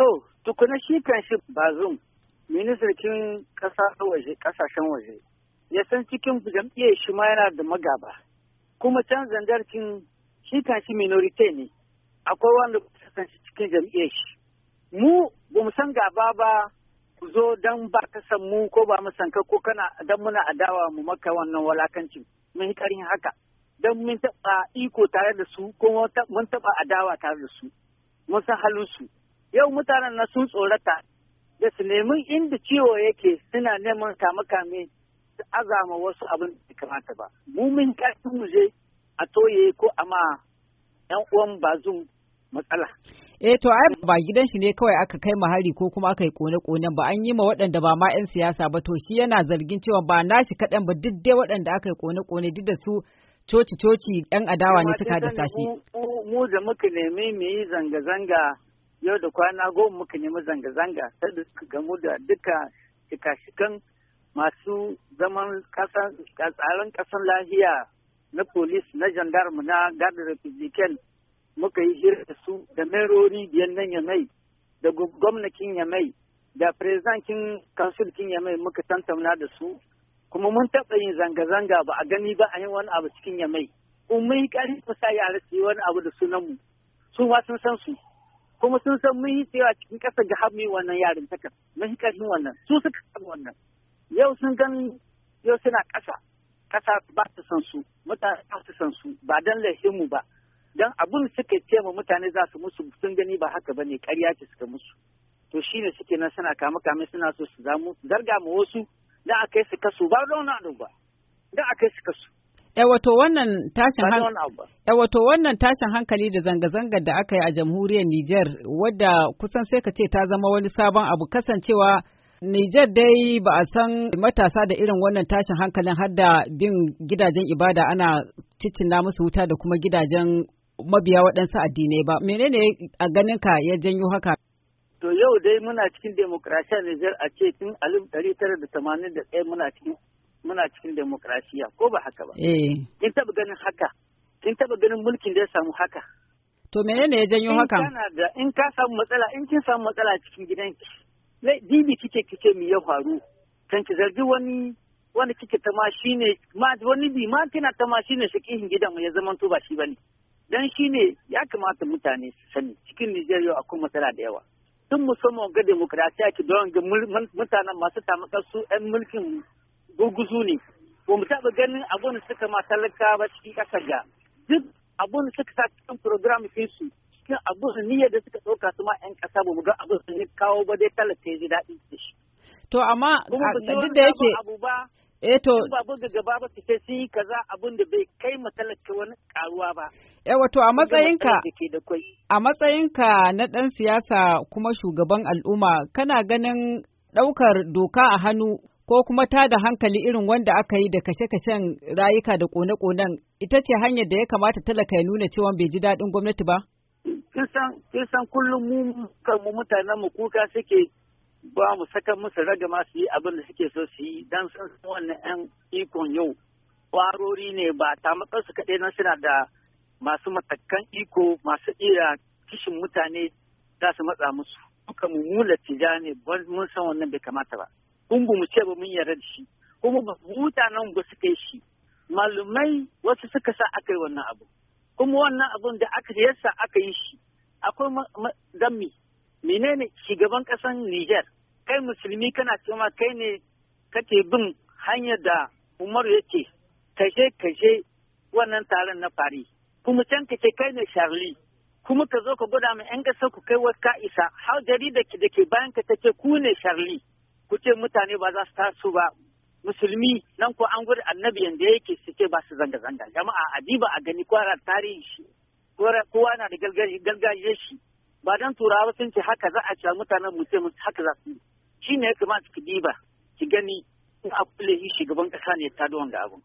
To, tukuna shi kan shi bazum, ministan waje kasashen waje, ya san cikin jam'iyyar shi ma yana da magaba, kuma can zandarcin shi kan minorite ne, akwai wanda kan shi cikin jam'iyyar shi. Mu ba mu san gaba ba ku zo don ba ka san mu ko ba mu san ka ko kana don muna adawa mu maka wannan walakancin mun yi karin haka. don mun taɓa iko tare da su ko mun taɓa adawa tare da su mun san halin su yau mutanen na sun tsorata da su nemi inda ciwo yake suna neman kame-kame su azama wasu abin da kamata ba Mumin kafin mu je a toye ko a ma yan uwan bazum matsala eh to ai ba gidan shi ne kawai aka kai mahari ko kuma aka yi kone-konen ba an yi ma waɗanda ba ma 'yan siyasa ba to shi yana zargin cewa ba nashi kaɗan ba duk dai waɗanda aka yi kone-kone duk da su coci-coci 'yan adawa ne suka da tashi. Mu da muka nemi mu yi zanga-zanga yau da kwana goma muka nemi zanga-zanga sai da suka gamu da duka shika-shikan masu zaman tsaron kasan lafiya na polis na jandarmu na garda republican muka yi hira da su da merori biyan nan yamai da gwamnakin yamai da prezidantin kansulkin yamai muka tantauna da su kuma mun taɓa yin zanga-zanga ba a gani ba a yi wani abu cikin yamai kuma mun yi ƙarfi sa yara su yi wani abu da sunanmu su ma sun san su kuma sun san mun yi tsayawa cikin ƙasa ga har wannan yarin kan mun yi ƙarfin wannan su suka san wannan yau sun gan yau suna ƙasa ƙasa ba ta san su mutane ba ta san su ba dan lahimu ba dan abun suka ce ma mutane za su musu sun gani ba haka bane ƙarya ce suka musu to shine suke nan suna kama kame suna so su zamu zarga ma wasu da a kai su kasu ba don na ba da a kai su kasu wato wannan tashin hankali da zanga zanga da aka yi a jamhuriyar Nijar wadda kusan sai ka ce ta zama wani sabon abu kasancewa Nijar dai ba a san matasa da irin wannan tashin hankalin har da bin gidajen ibada ana cicina musu wuta da kuma gidajen mabiya waɗansu addinai ba. Menene a ganin ka ya janyo haka? To yau dai muna cikin demokrasiya Nijar a ce tun alif muna cikin muna cikin demokrasiya ko ba haka ba. Eh. Kin taba ganin haka? Kin taba ganin mulkin da ya samu haka? To ne ya janyo haka? In ka samu matsala, in kin samu matsala cikin gidanki, dibi kike kike mi ya faru, kan ki zargi wani wani kike ta ma shine ma wani bi ma kina ta ma shine shakihin gidan ya zaman to ba shi bane. Dan shine ya kamata mutane su sani cikin Nijar a akwai matsala da yawa. Tun musamman ga demokrasiya ki don ga mutanen masu tamakar su 'yan mulkin gurguzu ne ba mu taɓa ganin abun da suka ma talaka ba cikin ƙasar ga duk abun da suka sa cikin program su cikin abun da niyyar da suka ɗauka su ma 'yan ƙasa ba mu ga abun da kawo ba dai talaka ya ji daɗi da shi. To amma duk da yake. Eh to. Ba da gaba ba su sai kaza abin da bai kai matalaka wani karuwa ba. Eh wato a matsayinka a matsayinka na ɗan siyasa kuma shugaban al'umma kana ganin ɗaukar doka a hannu ko kuma ta da hankali irin wanda aka yi da kashe-kashen rayuka da kone-konen ita ce hanyar da ya kamata talaka ya nuna cewa bai ji daɗin gwamnati ba? Kin san kullum mu kanmu mutanen mu kuka suke ba mu saka musu raga su yi abin da suke so su yi don san wannan yan ikon yau kwarori ne ba ta su kaɗai nan suna da masu matakan iko masu ira kishin mutane za su matsa musu Muka mummula tija ne mun san wannan bai kamata ba. in mu ce ba mun yarda da shi kuma ba mutanen ba suka yi shi malumai wasu suka sa aka yi wannan abu kuma wannan abun da aka yasa aka yi shi akwai dammi menene shugaban kasan Niger kai musulmi kana cewa kai ne kake bin hanyar da umar yake kaje kaje wannan taron na fari kuma can kace kai ne Charlie kuma ka zo ka gwada mu 'yan ƙasar ku kai wata ka isa har jarida da ke bayan ka take ku ne Charlie kuce mutane ba za su taso ba musulmi nan ko an gudu annabi yanda yake su ce ba su zanga-zanga jama'a adiba a gani kwara tarihi shi kowa na da gargajiyar shi ba dan turawa sun ce haka za a ci mutanen mu haka za su yi shi ne ya kamata ki diba ki gani in a kulle shugaban kasa ne ta da wanga abu